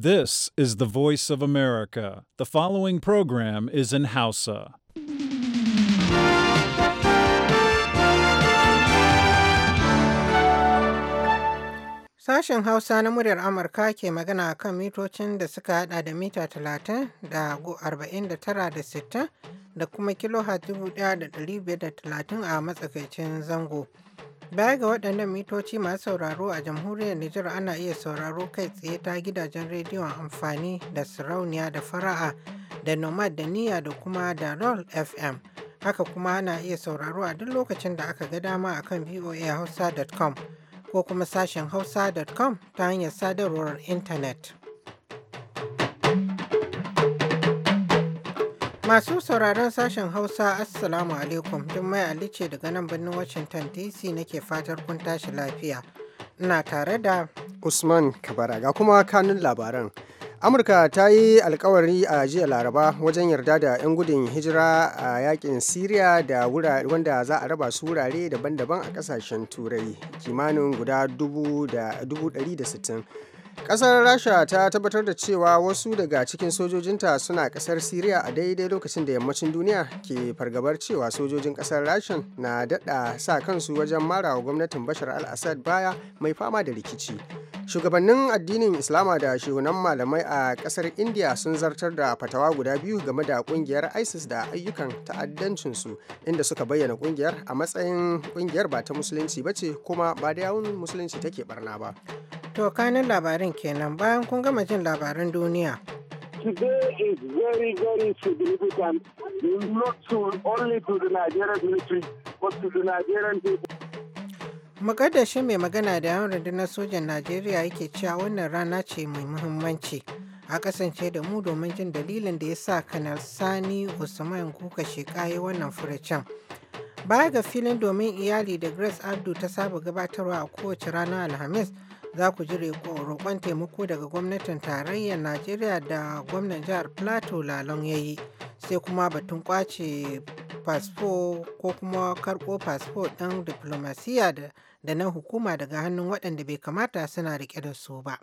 This is the voice of America. The following program is in Hausa. Sashen Hausa na muryar Amurka ke magana kan mitocin da suka hada da mita 30 da 49 da 60 da kuma kilo 1530 a matsakaicin zango. Baya ga waɗannan mitoci masu sauraro a jamhuriyar Nijar ana iya sauraro kai tsaye ta gidajen rediyon amfani da sarauniya da fara'a da nomad da niyya da kuma da roll FM. Haka kuma ana iya sauraro a duk lokacin da aka ga dama a kan voahausa.com ko kuma sashen hausa.com ta hanyar sadarwar intanet. Masu sauraron sashen Hausa Assalamu alaikum duk mai alice daga nan birnin Washington DC nake fatar kun tashi lafiya. Ina tare da Usman Kabara ga kuma kanun labaran. Amurka ta yi alkawari a jiya Laraba wajen yarda da 'yan gudun hijira a yakin Siriya da wanda za a raba su wurare daban-daban a kasashen Turai kimanin guda 160 kasar Rasha ta tabbatar da cewa wasu daga cikin sojojinta suna ƙasar Siriya a daidai lokacin da yammacin duniya ke fargabar cewa sojojin kasar rasha na daɗa sa kansu wajen marawa gwamnatin Bashar al-Assad baya mai fama da rikici. shugabannin addinin islama da shehunan malamai a kasar india sun zartar da fatawa guda biyu game da kungiyar isis da ayyukan ta'addancinsu inda suka bayyana kungiyar a matsayin kungiyar ba ta musulunci ba ce kuma ba da yawun musulunci take barna ba to kanin labarin kenan bayan kun gama jin labarin duniya Today is very, very significant, not only to the Nigerian military, but to the Nigerian people. maƙadashin mai magana da yawan rundunar sojan Najeriya yake cewa wannan rana ce mai muhimmanci. A kasance da mu domin jin dalilin da ya sa Kanar Sani Usman kuka shekaye wannan furucin. Baya ga filin domin iyali da Grace Abdu ta saba gabatarwa a kowace ranar Alhamis, za ku ji roƙon taimako daga gwamnatin tarayyar Najeriya da gwamnan jihar Plateau Lalon ya yi, sai kuma batun kwace fasfo ko kuma karɓo fasfo ɗin diplomasiya da da na hukuma daga hannun waɗanda bai kamata suna riƙe da su ba.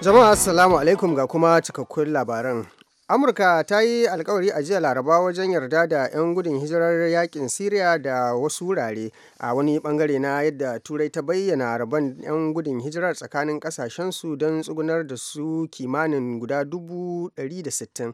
Jama'a Assalamu alaikum ga kuma cikakkun labaran. Amurka ta yi alkawari a jiya Laraba wajen yarda da 'yan gudun hijirar yakin Siriya da wasu wurare a wani bangare na yadda Turai ta bayyana rabon 'yan gudun hijirar tsakanin kasashensu don tsugunar da su kimanin guda dubu 160.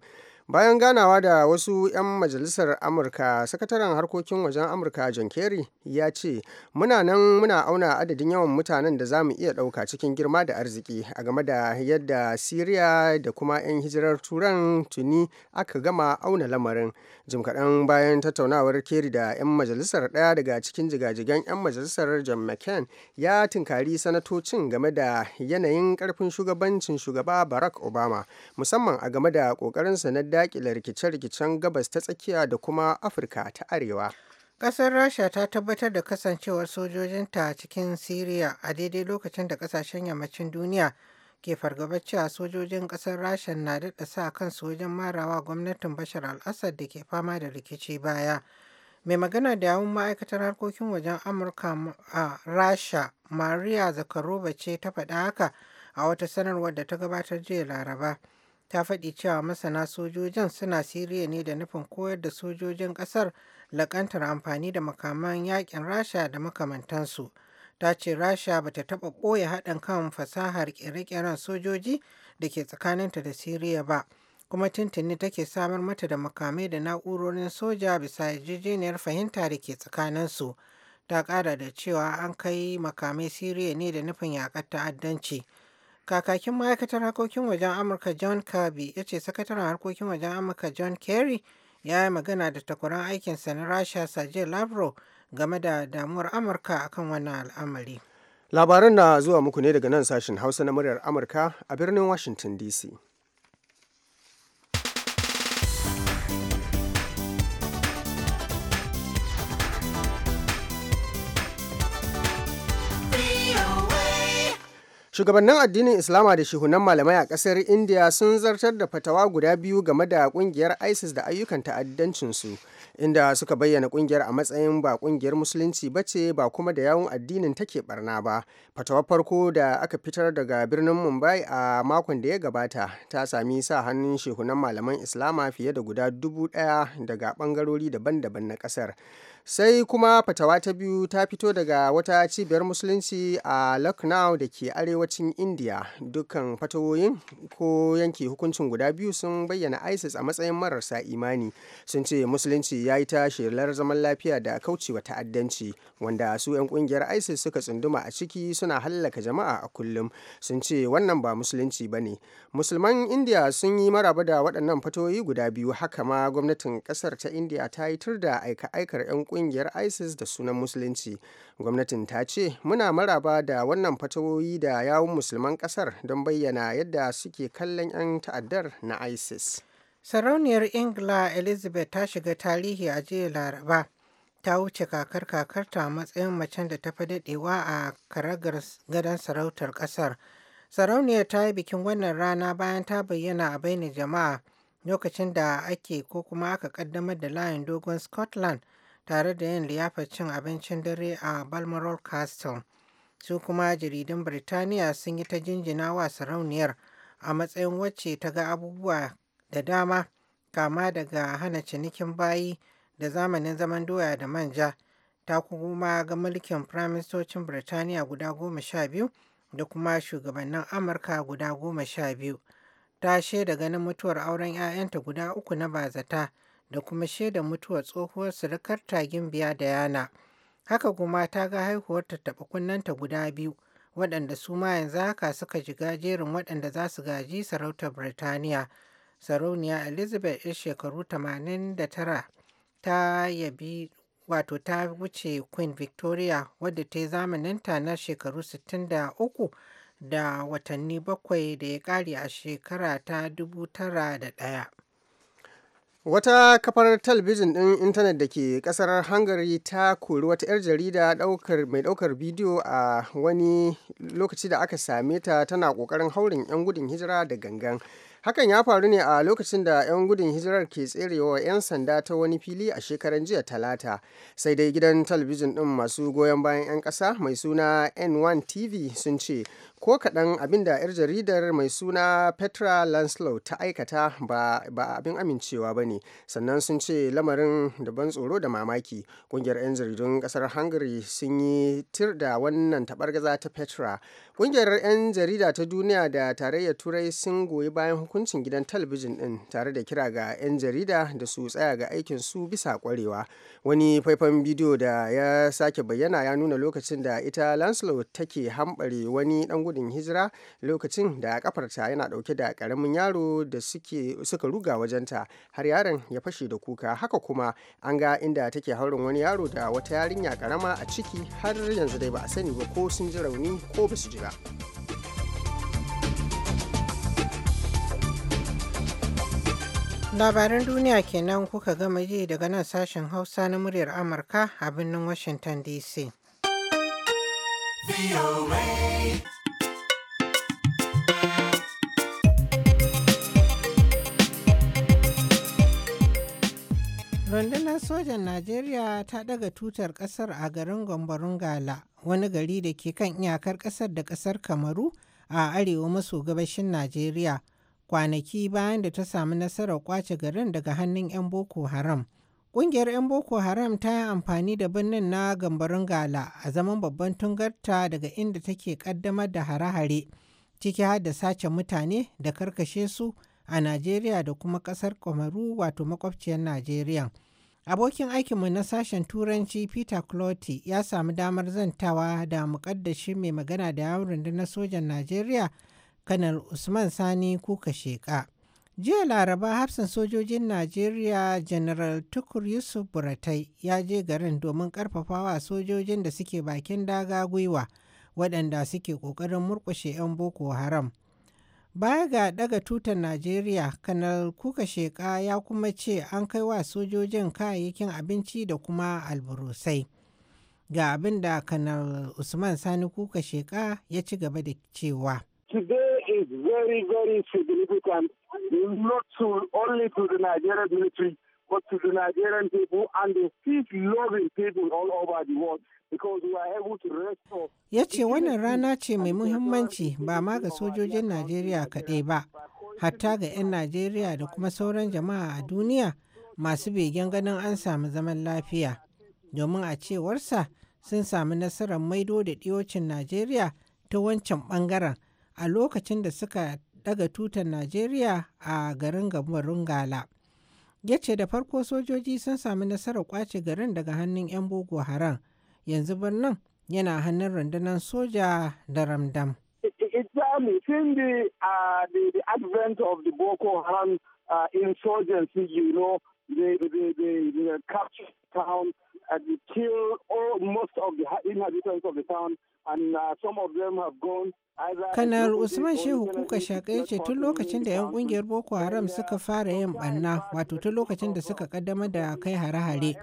bayan ganawa da wasu 'yan majalisar amurka sakataren harkokin wajen amurka john kerry ya ce muna nan muna auna adadin yawan mutanen da za mu iya ɗauka cikin girma da arziki a game da yadda syria da kuma 'yan hijirar turan tuni aka gama auna lamarin jim kaɗan bayan tattaunawar kerry da 'yan majalisar ɗaya daga cikin jigajigan 'yan majalisar john mccain ya tinkari sanatocin game da yanayin ƙarfin shugabancin shugaba barack obama musamman a game da ƙoƙarinsa na dakile rikice-rikicen gabas ta tsakiya da kuma afirka ta arewa Ƙasar Rasha ta tabbatar da kasancewar sojojinta cikin Siriya a daidai lokacin da ƙasashen yammacin duniya ke fargabar cewa sojojin ƙasar Rasha na daɗa sa kansu wajen marawa gwamnatin Bashar al-Assad da ke fama da rikici baya. Mai magana da yawun ma'aikatar harkokin wajen Amurka a Rasha, Maria Zakarova ce ta faɗa haka a wata sanarwar da ta gabatar jiya Laraba. ta faɗi cewa masana sojojin suna siriya ne da nufin koyar da sojojin ƙasar laƙantar amfani da makaman yakin rasha da makamantansu ta ce rasha ba ta taɓa ɓoye haɗin kan fasahar ƙere-ƙeren sojoji da ke tsakaninta da siriya ba kuma tuntuni take samar mata da makamai da na'urorin soja bisa yarjejeniyar fahimta da ke tsakaninsu ta ƙara da cewa an kai makamai siriya ne da nufin yaƙar ta'addanci. Kakakin ma'aikatar harkokin wajen Amurka John Kirby ya ce sakataren harkokin wajen Amurka John Kerry ya yi magana da takwaran aikinsa na Rasha Sergei labro game da damuwar Amurka akan wannan al'amari. Labaran na zuwa muku ne daga nan sashen Hausa na muryar Amurka a birnin Washington DC. shugabannin addinin islama da shehunan malamai a kasar india sun zartar da fatawa guda biyu game da kungiyar isis da ayyukan ta'addancinsu inda suka bayyana kungiyar a matsayin ba kungiyar musulunci ba ce ba kuma da yawun addinin take barna ba fatawar farko da aka fitar daga birnin mumbai a makon da ya gabata ta sami sa hannun shehunan malaman islama fiye da guda dubu daya daga bangarori daban-daban na kasar sai kuma fatawa ta biyu ta fito daga wata cibiyar musulunci a lucknow da ke arewacin india dukkan fatawoyin ko yanke hukuncin guda biyu sun bayyana isis a matsayin mararsa imani sun ce musulunci ya yi ta shelar zaman lafiya da kaucewa ta'addanci wanda su 'yan kungiyar isis suka tsunduma a ciki suna hallaka jama'a a kullum sun ce wannan ba musulunci ba ne musulman india sun yi maraba da waɗannan fatoyi guda biyu haka ma gwamnatin ƙasar ta india ta yi tur da aika-aikar 'yan kungiyar isis da sunan musulunci gwamnatin ta ce muna maraba da wannan fatawoyi da yawun musulman kasar don bayyana yadda suke kallon 'yan ta'addar na isis sarauniyar ingila elizabeth ta shiga tarihi a jiya laraba ta wuce kakar kakarta matsayin macen da ta fi daɗewa a karagar gadon sarautar ƙasar sarauniyar ta yi bikin wannan rana bayan ta bayyana a bainar jama'a lokacin da ake ko kuma aka kaddamar da layin dogon scotland tare da yin liyafar cin abincin dare a balmoral castle su kuma jaridun birtaniya sun yi ta jinjina wa sarauniyar a matsayin wacce ta ga abubuwa da dama kama daga hana cinikin bayi da zamanin zaman doya da manja ta kuma ga mulkin firaministocin birtaniya guda goma sha biyu da kuma shugabannin amurka guda goma sha biyu ta shaida ganin mutuwar auren 'ya'yanta guda uku na bazata da kuma shaida mutuwar tsohuwar surukar biya da yana Haka kuma ta ga haihuwar taɓa kunnenta guda biyu waɗanda su ma yanzu haka suka ji jerin waɗanda za su gaji sarautar Birtaniya. Sarauniya Elizabeth yar shekaru 89 ta yabi wato ta wuce Queen Victoria wadda ta yi zamaninta na shekaru 63 da watanni bakwai da ya ƙare a shekara ta 2001. Wata kafar talabijin ɗin intanet da ke ƙasar Hungary ta kori wata 'yar jarida mai ɗaukar bidiyo a wani lokaci da aka same ta tana ƙoƙarin haurin 'yan gudun hijira da gangan. Hakan ya faru ne a lokacin da 'yan gudun hijirar ke tserewa 'yan sanda ta wani fili a shekaran jiya talata. Sai dai gidan talabijin ɗin masu goyon bayan 'yan ƙasa mai suna N1 TV sun ce ko kaɗan abin da 'yar jaridar mai suna Petra Lancelot ta aikata ba, abin amincewa ba ne. Sannan sun ce lamarin da ban tsoro da mamaki. Ƙungiyar 'yan jaridun ƙasar Hungary sun yi tir da wannan taɓargaza ta Petra. Ƙungiyar 'yan jarida ta duniya da tarayyar Turai sun goyi bayan hukuncin gidan talabijin din tare da kira ga 'yan jarida da su tsaya ga aikin su bisa kwarewa wani faifan bidiyo da ya sake bayyana ya nuna lokacin da ita lancelot take hambare wani ɗan gudun hijira lokacin da kafarta yana dauke da karamin yaro da suka ruga wajenta har yaron ya fashe da kuka haka kuma an ga inda take haurin wani yaro da wata yarinya karama a ciki har yanzu dai ba a sani ba ko sun ji rauni ko ba su ji ba. Labaran duniya kenan kuka gama ji daga nan sashen Hausa na muryar Amurka a birnin Washington DC. Rundunar sojan Najeriya ta daga tutar kasar a garin Gombarun Gala, wani gari da ke kan iyakar kasar da kasar Kamaru a arewa maso gabashin Najeriya. kwanaki bayan da ta samu nasarar kwace garin daga hannun 'yan Boko Haram. Ƙungiyar 'yan Boko Haram ta yi amfani da birnin na gambarin gala a zaman babban tungarta daga inda take ƙaddamar da hare-hare ciki har da sace mutane da karkashe su a Najeriya da kuma ƙasar Kamaru wato makwabciyar Najeriya. Abokin aikinmu na sashen Turanci Peter Clotty ya samu damar zantawa da muƙaddashi mai magana da yawon rundunar sojan Najeriya Kanal usman sani kuka sheka jiya laraba hafsan sojojin najeriya general tukur yusuf buratai ya je garin domin karfafawa sojojin da suke bakin daga gwiwa waɗanda suke ƙoƙarin murƙushe 'yan boko haram baya ga daga tutar najeriya kanal kuka sheka ya kuma ce an kai wa sojojin kayayyakin abinci da kuma alburusai ga abin da kanal usman sani kuka sheka ya ci gaba da cewa is very, very significant, not to only to the Nigerian military, but to the Nigerian people and the peace loving people all over the world. Ya ce wannan rana ce mai muhimmanci ba ma ga sojojin Najeriya kaɗai ba, hatta ga 'yan Najeriya da kuma sauran jama'a a duniya masu begen ganin an samu zaman lafiya. Domin a cewarsa sun samu nasarar maido da ɗiyocin Najeriya ta wancan ɓangaren a lokacin da suka daga tutar Najeriya a garin gabarin Gala. Ya ce da farko sojoji sun sami nasarar kwace garin daga hannun 'yan Boko Haram, yanzu birnin yana hannun rundunar soja da ramdam. uh, advent of the Haram uh, insurgency, you know, they, they, they, they captured town uh, killed all, most of the inhabitants of the town and uh, some of them have gone Kanar Usman Shehu kuka ce tun lokacin da 'yan ƙungiyar Boko Haram suka fara yin ɓanna wato tun lokacin da suka ƙaddamar da kai hare-hare.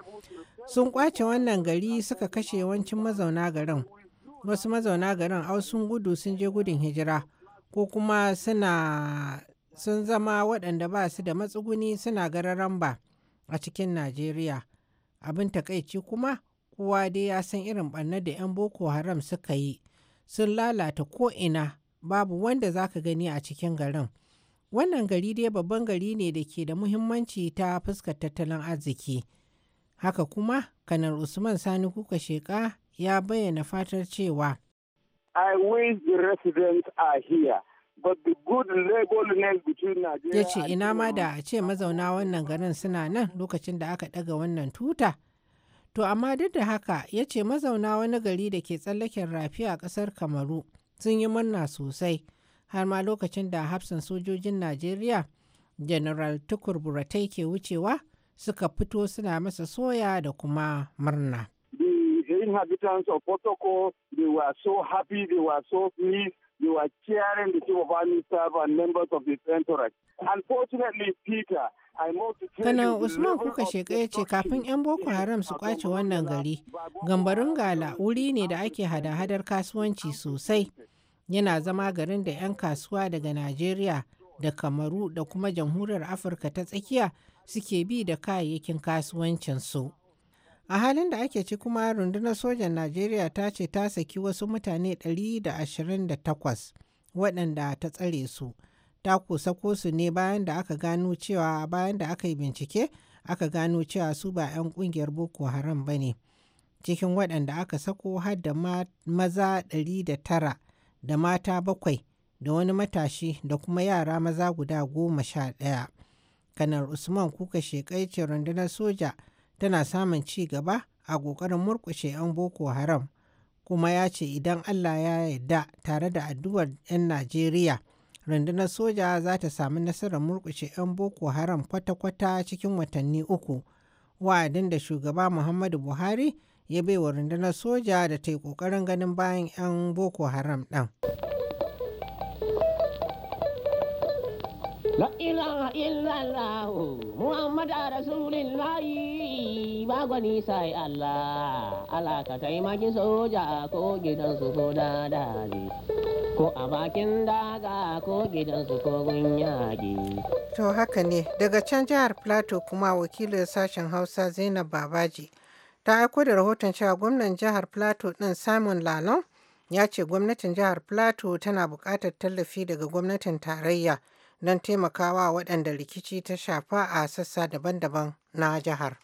Sun kwace wannan gari suka kashe yawancin mazauna garin. Wasu mazauna garin au sun gudu sun je gudun hijira ko kuma suna sun zama waɗanda ba su da matsuguni suna gararan ba a cikin Najeriya. abin takaici kuma kowa dai ya san irin ɓarnar da 'yan boko haram suka yi sun lalata ko'ina babu wanda za ka gani a cikin garin wannan gari dai babban gari ne da ke da muhimmanci ta fuskar tattalin arziki haka kuma kanar usman sani kuka sheka ya bayyana fatar cewa i wish the residents are here Ya ce ina ma da a ce mazauna wannan garin suna nan lokacin da aka ɗaga wannan tuta. To amma duk da haka ya ce mazauna wani gari da ke tsallaken rafi a ƙasar Kamaru sun yi murna sosai har ma lokacin da hafsan sojojin Najeriya General Tukur Buratai ke wucewa suka fito suna masa soya da kuma murna. The inhabitants You were cheering the chief of army staff and members of his entourage. Unfortunately, Peter, Kana Usman kuka sheka ya ce kafin 'yan Boko Haram su kwace wannan gari, gambarin gala wuri ne da ake hada-hadar kasuwanci sosai. Yana zama garin da 'yan kasuwa daga Najeriya da Kamaru da kuma Jamhuriyar Afirka ta tsakiya suke bi da kayayyakin kasuwancinsu. a halin da ake ci kuma rundunar sojan najeriya ta ce ta saki wasu mutane 128 waɗanda ta tsare su ta kusa su ne bayan da aka gano cewa bayan da aka yi bincike aka gano cewa su ba 'yan ƙungiyar boko haram ba ne cikin waɗanda aka sako har da maza 109 da mata bakwai da wani matashi da kuma yara maza guda goma sha ɗaya kanar usman kuka shekaice rundunar soja tana samun ci gaba a ƙoƙarin murƙushe 'yan boko haram kuma ya ce idan allah ya yarda tare da addu'ar 'yan najeriya rundunar soja za ta sami nasarar murkushe 'yan boko haram kwata-kwata cikin watanni uku wa'adin da shugaba muhammadu buhari ya baiwa rundunar soja da ta yi ƙoƙarin ganin bayan 'yan boko haram ɗan. La ilaha illallah Muhammad Rasulullah ba gwani sai Allah Alaka ka soja ko gidan su ko dadali ko a bakin daga ko gidan su ko gunyaki. To haka ne daga can jihar Plateau kuma wakilin sashen Hausa Zainab Babaji ta aiko da rahoton cewa gwamnan jihar Plateau din Simon Lalon ya ce gwamnatin jihar Plateau tana buƙatar tallafi daga gwamnatin tarayya. don taimakawa waɗanda rikici ta shafa a sassa daban-daban na jihar.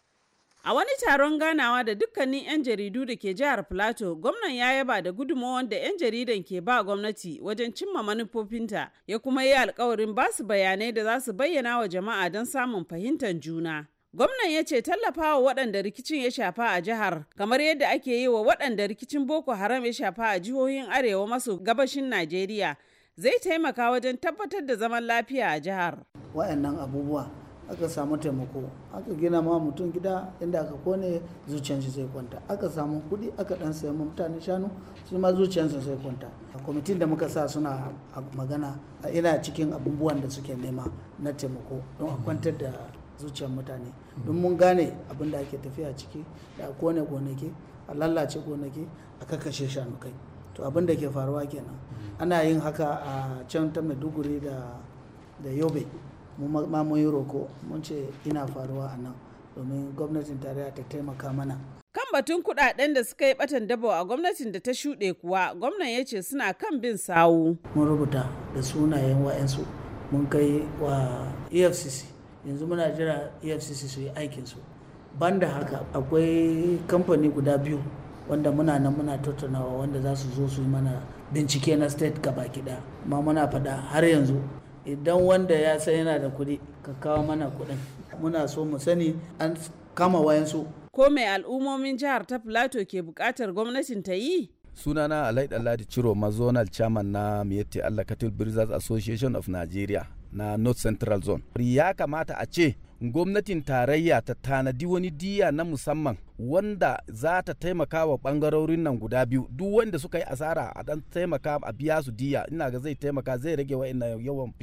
A wani taron ganawa da dukkanin 'yan jaridu da ke jihar Plateau, gwamnan ya yaba da gudunmawar da 'yan jaridan ke ba gwamnati wajen cimma manufofinta, ya kuma yi alkawarin ba su bayanai da za su bayyana wa jama'a don samun fahimtar juna. Gwamnan ya ce tallafawa waɗanda rikicin ya shafa a jihar, kamar yadda ake yi wa waɗanda rikicin Boko Haram ya shafa a jihohin Arewa maso gabashin Najeriya, zai taimaka wajen tabbatar da zaman lafiya a jihar. Wa'annan abubuwa aka samu taimako aka gina ma mutum gida inda aka kone zuciyarsu sai kwanta aka samu kuɗi aka dan sayan mutane shanu su ma zuciyarsu sai kwanta kwamitin da muka sa suna magana a ina cikin abubuwan da suke nema na taimako don a kwantar da zuciyar mutane don mun gane abin da ake tafiya ciki da a kone gonaki a lallace gonaki a kakashe shanu kai to abin da ke faruwa kenan ana yin haka a can ta maiduguri da da yobe mu ma mun yi roko mun ce ina faruwa a nan domin gwamnatin tarayya ta taimaka mana kan batun kudaden da suka yi batan dabo a gwamnatin da ta shuɗe kuwa gwamnan ya ce suna kan bin sawu mun rubuta da sunayen wa'ansu mun kai wa efcc yanzu muna jira efcc su yi aikinsu banda haka akwai kamfani guda biyu wanda muna nan muna tattaunawa wanda za su zo su yi mana bincike na state ga da, ma muna faɗa har yanzu idan wanda ya san yana da kuɗi ka kawo mana kuɗin muna so mu sani an kama wayansu ko mai al'ummomin jihar ta plateau ke buƙatar gwamnatin ta yi sunana alai ladi ciro mazonal chairman na miyatti allah cattle breeders association of nigeria na north central zone ya kamata a ce gwamnatin tarayya ta tanadi wani diya na musamman wanda za ta taimaka wa bangarorin nan guda biyu duk wanda suka yi asara a dan taimaka a biya su diya ina ga zai taimaka zai rage ina yawan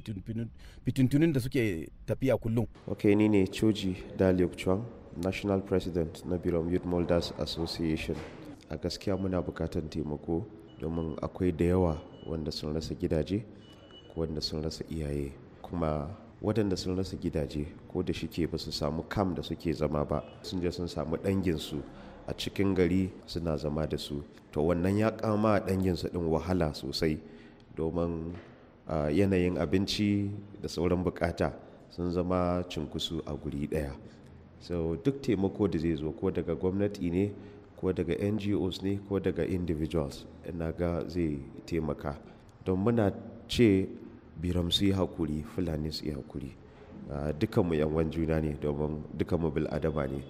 fitintunin da suke tafiya kullum ok ni ne choji daliok chuang national president na biron youth molders association a gaskiya muna bukatan taimako domin akwai da yawa wanda sun rasa gidaje ko wanda sun rasa iyaye kuma waɗanda sun rasa gidaje ko da shike ba su samu kam da suke zama ba sun je sun samu danginsu a cikin gari suna zama da su to wannan ya kama danginsu ɗin wahala sosai domin yanayin abinci da sauran bukata sun zama cinkusu a guri ɗaya so duk taimako da zai zo ko daga gwamnati ne ko daga ngos ne ko daga individuals na ga zai taimaka don muna ce biram su yi hakuri fulani su yi hakuri ah, dukanmu yanwan juna ne domin dukanmu bil ne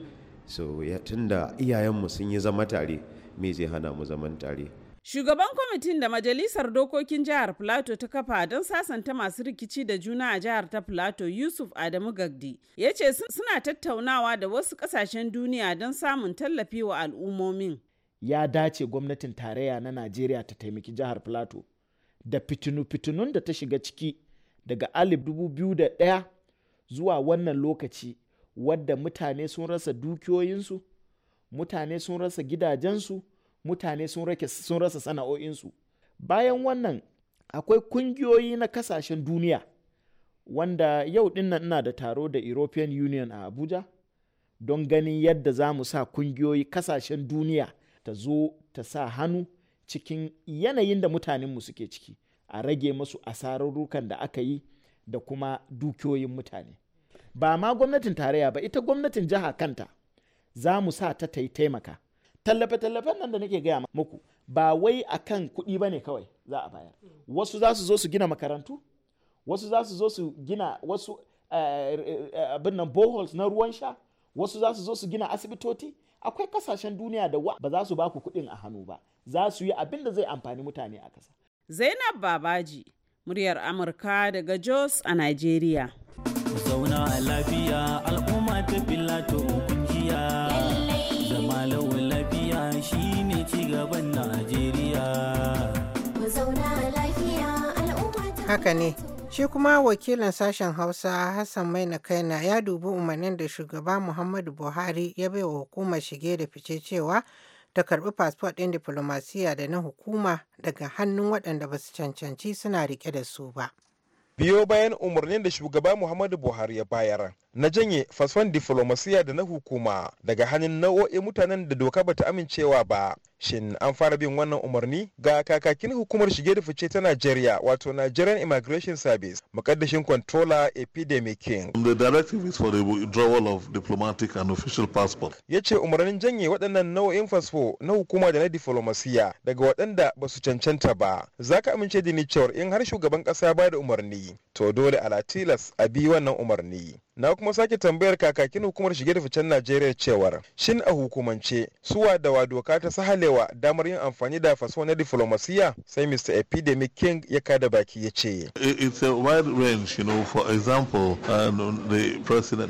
so ya tunda iyayenmu sun yi zama tare me zai hana mu zaman tare Shugaban kwamitin da Majalisar Dokokin Jihar Filato ta kafa don sasanta masu rikici da juna a jihar ta Filato Yusuf Adamu Gagdi ya ce suna tattaunawa da wasu kasashen duniya don samun tallafi wa al'ummomin. Ya dace gwamnatin tarayya na Najeriya ta taimaki jihar Filato da fitinu-fitinun da ta shiga ciki daga alif dubu biyu da ɗaya zuwa wannan lokaci wadda mutane sun rasa dukiyoyinsu mutane sun rasa gidajensu mutane sun rasa sana'o'insu bayan wannan akwai kungiyoyi na kasashen duniya wanda yau dinnan ina da taro da european union a abuja don ganin yadda za mu sa kungiyoyi kasashen duniya ta zo ta sa hannu cikin yanayin da mutanenmu suke ciki a rage masu asararrukan da aka yi da kuma dukiyoyin mutane ba ma gwamnatin tarayya ba ita gwamnatin jiha kanta za mu sa ta taimaka tallafe-tallafen nan da nake gaya muku ba wai a kan kuɗi ba ne kawai za a bayar wasu za su zo su gina makarantu wasu za su zo su gina wasu eh, eh, eh, abin nan boreholes na ruwan sha wasu za su zo su gina asibitoci akwai kasashen duniya da ba za su baku kuɗin a hannu ba za su yi abin da zai amfani mutane a ƙasa. zainab babaji muryar amurka daga jos a nigeria zauna a lafiya al'umma ta filato kungiya zama lawan lafiya shine cigaban najeriya haka ne Shi kuma wakilin sashen Hausa Hassan Maina Kaina ya dubi umarnin da shugaba Muhammadu Buhari ya bai wa hukumar shige da fice cewa ta karbi fasfo ɗin diflomasiya da na hukuma daga hannun waɗanda ba su cancanci suna rike da su ba. Biyo bayan umarnin da shugaba Muhammadu Buhari ya bayar, na janye fasfon diflomasiya da na hukuma daga hannun nau'o'i mutanen da doka ba ta amincewa ba shin an fara bin wannan umarni ga kakakin hukumar shige da fice ta Najeriya wato Nigerian Immigration Service makaddashin controller Epidemic King the directive is for the withdrawal of diplomatic and official passport ce umarnin janye waɗannan nau'in fasfo na hukuma da na diflomasiya daga waɗanda ba su cancanta ba Za ka amince da ni cewar in har shugaban ƙasa ba da umarni to dole a tilas a bi wannan umarni na kuma sake tambayar kakakin hukumar shige da ficen najeriya cewar shin a hukumance suwa da wa doka ta sahalewa damar yin amfani da faso na diflomasiya sai mr epidemic king ya kada baki ya ce it's a wide range you know for example um, the president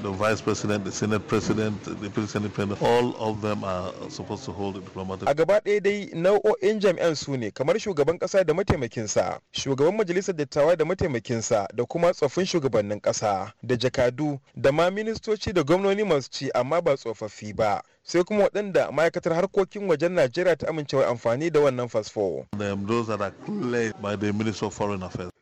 a gaba ɗaya dai nau'o'in jami'an su ne kamar shugaban ƙasa da mataimakinsa shugaban majalisar dattawa da mataimakinsa da kuma tsoffin shugabannin ƙasa da jakadu da ma ministoci da gwamnoni masu ci amma ba tsofaffi ba sai kuma waɗanda ma'aikatar harkokin wajen najeriya ta amincewa amfani da wannan fasfo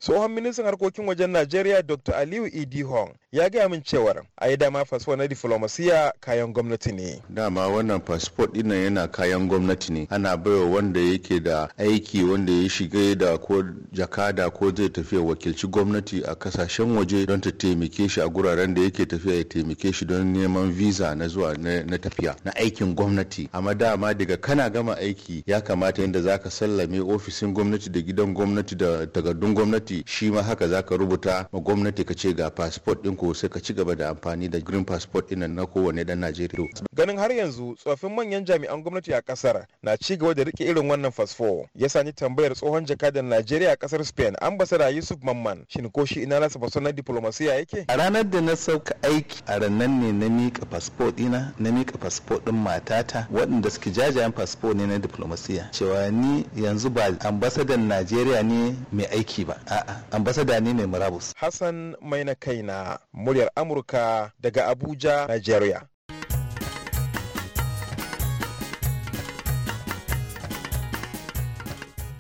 tsohon ministan harkokin wajen najeriya dr aliyu idi hong ya gaya min cewar a yi dama fasfo na diflomasiya kayan gwamnati ne dama wannan fasfo ɗin yana kayan gwamnati ne ana baiwa wanda yake da aiki wanda ya shiga da ko jakada ko zai tafiya wakilci gwamnati a kasashen waje don ta taimake shi a guraren da yake tafiya ya taimake shi don neman visa na zuwa na tafiya na aikin gwamnati amma ma daga kana gama aiki ya kamata yadda zaka sallame ofishin gwamnati da gidan gwamnati da takardun gwamnati shi ma haka zaka rubuta ma gwamnati ka ce ga passport din ko sai ka ci gaba da amfani da green passport din na kowane dan Najeriya. Ganin har yanzu tsofaffin manyan jami'an gwamnati a kasar na ci gaba da rike irin wannan fasfo ya sani tambayar tsohon jakadan Najeriya a kasar Spain ambassador Yusuf Mamman shin ko shi ina rasa fasfo na diplomasiya yake? A ranar da na sauka aiki a ranar ne na mika fasfo dina na mika fasfo din matata waɗanda suke jajayen fasfo ne na diplomasiya cewa ni yanzu ba ambasadan najeriya ne mai aiki ba a'a ambasada ne mai murabus hassan mai na kaina muryar amurka daga abuja nigeria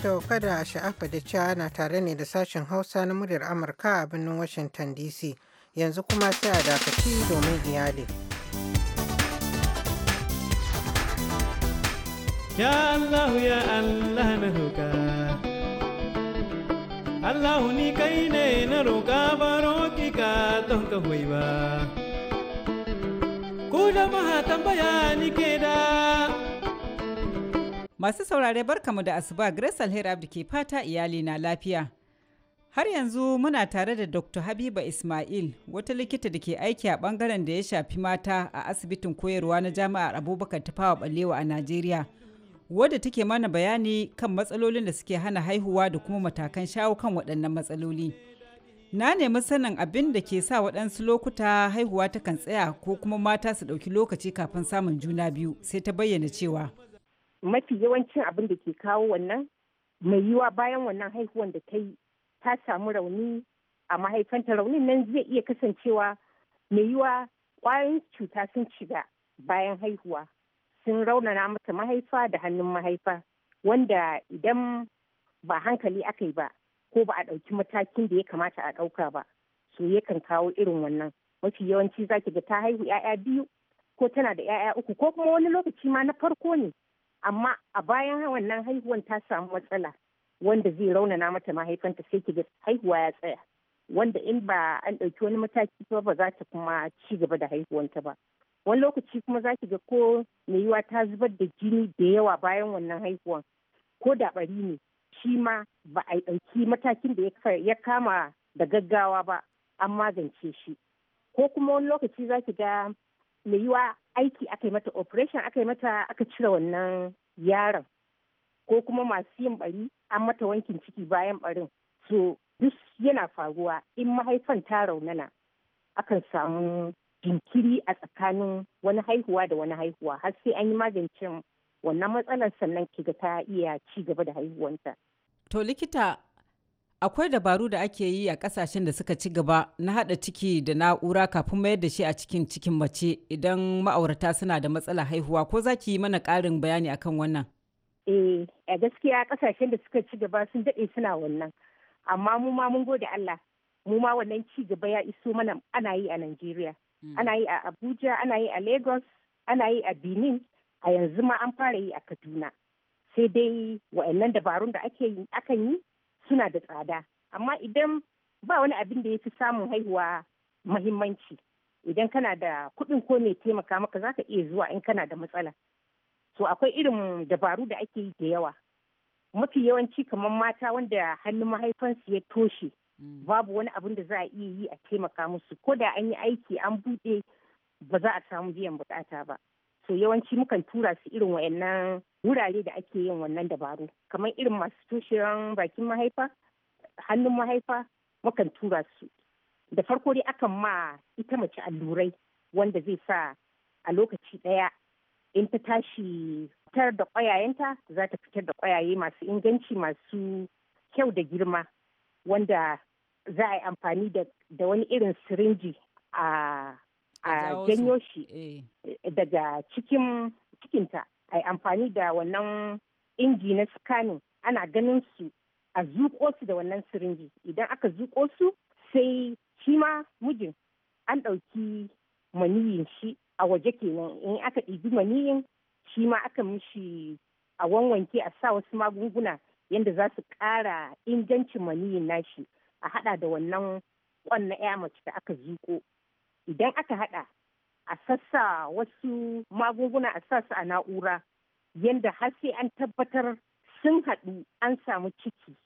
To kada sha'afa da na tare ne da sashen Hausa na muryar Amurka a birnin Washington DC. Yanzu kuma sai a dakaci domin iyali. Ya Allah ya Allah na roƙa ni kai ne na roƙa baro ki ka don ka da Masu saurare barkamu da asuba Grace Alheri Abdi ke fata iyali na lafiya Har yanzu muna tare da Dr. Habiba Ismail, wata likita da ke aiki a bangaren da ya shafi mata a asibitin koyarwa na jami'ar Abubakar Tafawa Balewa a Najeriya. wadda take mana bayani kan matsalolin da suke hana haihuwa da kuma matakan shawo kan waɗannan matsaloli. Na nemi sanin abin da ke sa waɗansu lokuta haihuwa ta kan tsaya ko kuma mata su ɗauki lokaci kafin samun juna biyu sai ta bayyana cewa. Mafi yawancin abin da ke kawo wannan mai yiwa bayan wannan haihuwan da ta yi ta samu rauni a mahaifanta raunin nan zai iya kasancewa mai yiwa kwayoyin cuta sun shiga bayan haihuwa sun raunana mata mahaifa da hannun mahaifa wanda idan ba hankali aka yi ba ko ba a ɗauki matakin da ya kamata a ɗauka ba so yakan kawo irin wannan mafi yawanci zaki ga ta haihu 'ya'ya biyu ko tana da 'ya'ya uku ko kuma wani lokaci ma na farko ne amma a bayan wannan haihuwan ta samu matsala wanda zai raunana mata mahaifanta sai ki ga haihuwa ya tsaya wanda in ba an ɗauki wani mataki ba ba za ta kuma ci gaba da haihuwanta ba wani lokaci kuma za ki ga ko mai yiwa ta zubar da jini da yawa bayan wannan haihuwan ko da bari ne shi ma ba a ɗauki matakin da ya kama da gaggawa ba an magance shi ko kuma wani lokaci za ki ga mai yiwa aiki aka yi mata operation aka yi mata aka cire wannan yaron ko kuma masu yin bari an mata wankin ciki bayan barin so duk yana faruwa in mahaifan ta raunana akan samu jinkiri a tsakanin wani haihuwa da wani haihuwa har sai an yi magance wannan matsalar sannan kiga ta iya ci gaba da haihuwanta. To likita akwai dabaru da ake yi a kasashen da suka ci gaba na hada ciki da na'ura kafin mayar da shi a cikin cikin mace idan ma'aurata suna da matsala haihuwa ko za ki yi mana ƙarin bayani akan wannan? Eh, a gaskiya kasashen da suka ci gaba sun daɗe suna wannan. Amma mu ma mun gode Allah, mu ma wannan ci gaba ya iso mana ana yi a Najeriya. Mm. ana yi a abuja ana yi a lagos ana yi a benin a yanzu ma an fara yi a kaduna sai dai wa'annan dabarun da ake akan yi suna da tsada amma idan ba wani abin da ya fi samun haihuwa mahimmanci idan kana da kuɗin ko mai taimaka maka za ka iya zuwa in kana da matsala to akwai irin dabaru da ake yi da yawa mafi yawanci kamar mata wanda hannun mahaifansu ya toshe Mm. babu wani abin da za a iya yi a taimaka musu ko da an yi aiki an buɗe ba za a samu biyan bukata ba To yawanci mukan tura su irin wayannan wurare da ake yin wannan dabaru kamar irin masu toshewan bakin mahaifa hannun mahaifa mukan tura su da farko dai akan ma ita mace allurai wanda zai sa a lokaci ɗaya in ta tashi fitar da kwayayenta za ta fitar da kwayaye masu inganci masu kyau da girma wanda za a yi amfani da wani irin sirinji a janyo shi eh. daga cikin cikinta a yi amfani da wannan inji na scanning ana ganin su a zuƙo su da wannan sirinji idan aka zuƙo su sai shi ma mijin an ɗauki maniyin shi a waje kenan in aka ɗibi maniyin shi ma aka mishi a wanwanke a sa wasu magunguna yadda za su ƙara ingancin maniyin nashi a hada da wannan kwan na ya mace da aka zuƙo. idan aka hada a sassa wasu magunguna a sassa a na'ura yadda har sai an tabbatar sun haɗu an samu ciki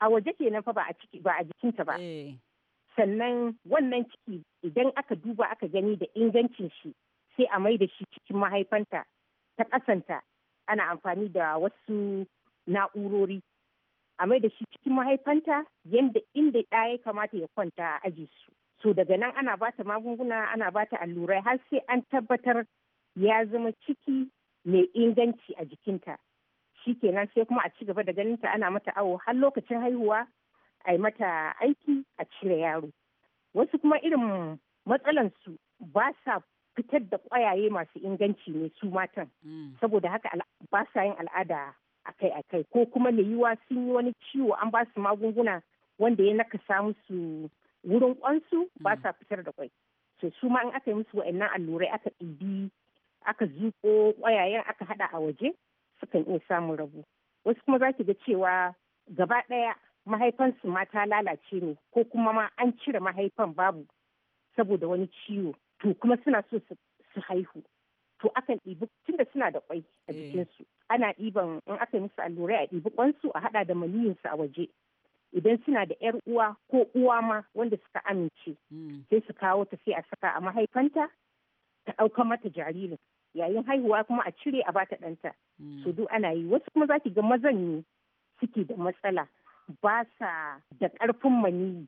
a waje ke nan fa ba a ciki ba a jikinta ba eh. sannan wannan ciki idan aka duba aka gani da ingancin shi sai a mai da shi cikin mahaifanta ta kasanta ana amfani da wasu na'urori a mai da shi cikin mahaifanta yadda inda ɗa ya kamata ya kwanta a aji su. So daga nan ana ba ta magunguna ana bata allurai har sai an tabbatar ya zama ciki mai inganci a jikinta. Shi kenan sai kuma a ci gaba da ganinta ana mata awo har lokacin haihuwa a yi mata aiki a cire yaro. Wasu kuma irin matsalansu ba sa fitar da ƙwayaye masu inganci ne su matan. Mm. Saboda haka ba sa yin al'ada akai-akai ko kuma mai yiwa sun yi wani ciwo an ba su magunguna wanda ya nakasa musu wurin kwansu ba mm. sa fitar da kwai so su ma in aka yi musu wa'annan allurai aka ɗibi aka zuko kwayayen aka hada a waje sukan iya samun rabu wasu kuma za ki ga cewa gaba ɗaya mahaifansu mata lalace ne ko kuma ma an cire mahaifan babu saboda wani ciwo to kuma suna so su haihu to akan ɗibi tunda suna da kwai a eh. jikinsu ana ɗiban in aka yi musu allurai a ɗibi kwansu a haɗa da maniyinsu a waje idan suna da yar uwa ko uwa ma wanda suka amince hmm. sai su kawo ta sai a saka a mahaifanta ta ɗauka mata jaririn yayin haihuwa kuma a cire a bata ɗanta hmm. su duk ana yi wasu kuma zaki ki ga mazan ne suke da matsala ba sa da ƙarfin maniyi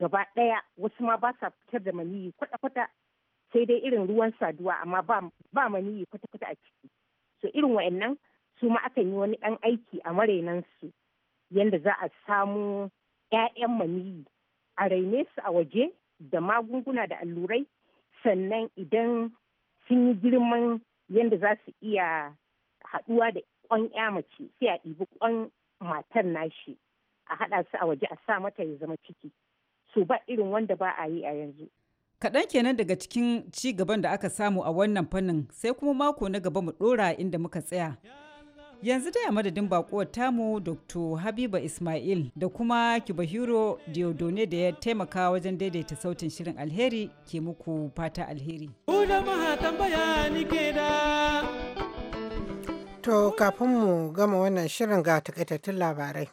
gaba ɗaya wasu ma ba sa fitar da maniyi kwata-kwata sai dai irin ruwan saduwa amma ba maniyi kwata-kwata a ciki so irin wa'annan su ma akan yi wani ɗan aiki a marainan su yadda za a samu 'ya'yan maniyi a raine su a waje da magunguna da allurai sannan idan sun yi girman yadda za su iya haɗuwa da ƙwan ya mace sai a ɗibi ƙwan matar nashi a haɗa su a waje a sa mata ya zama ciki su ba irin wanda ba a yi a yanzu Kaɗan kenan daga cikin ci gaban da aka samu a wannan fannin sai kuma mako na gaba mu ɗora inda muka tsaya. Yanzu dai a madadin bakuwar tamu Dr. Habiba Ismail da kuma Kibahiro Diodone da ya taimaka wajen daidaita sautin shirin alheri ke muku fata alheri. To kafin mu gama wannan shirin ga takaitattun labarai.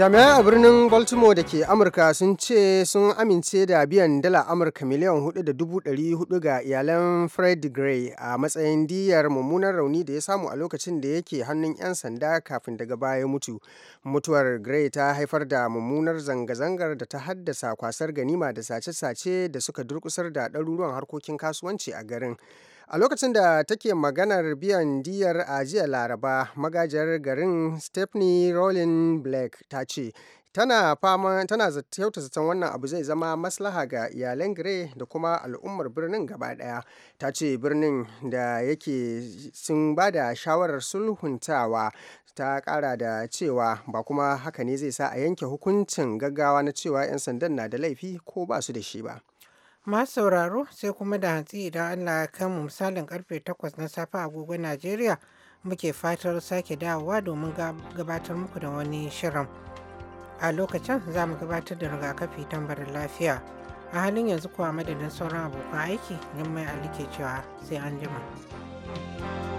jami'an a birnin baltimore da ke amurka sun ce sun amince da biyan dala amurka miliyan 4.400 ga iyalan fred gray a matsayin diyar mummunan rauni da ya samu a lokacin da yake hannun 'yan sanda kafin daga baya mutu mutuwar gray ta haifar da mummunar zanga-zangar da ta haddasa kwasar ganima da sace-sace da suka durkusar da ɗaruruwan harkokin kasuwanci a garin a lokacin da take maganar biyan diyar a jiya laraba magajiyar garin stephanie rowling blake ta ce tana fama tana zata zaton wannan abu zai zama maslaha ga iyalan gire da kuma al'ummar birnin gaba daya ta ce birnin da yake sun ba da shawarar sulhuntawa ta kara da cewa ba kuma haka ne zai sa a yanke hukuncin gaggawa na cewa 'yan sandan na da laifi ko ba su da shi ba Masu sauraro sai kuma da hantsi idan Allah ya kai mu misalin karfe 8 na safe agogo Najeriya muke fatar sake dawowa domin gabatar muku da wani shirin. A lokacin za mu gabatar da rigakafi tambarin lafiya. A halin yanzu kuwa madadin sauran abokan aiki, nan mai alike cewa sai an jima.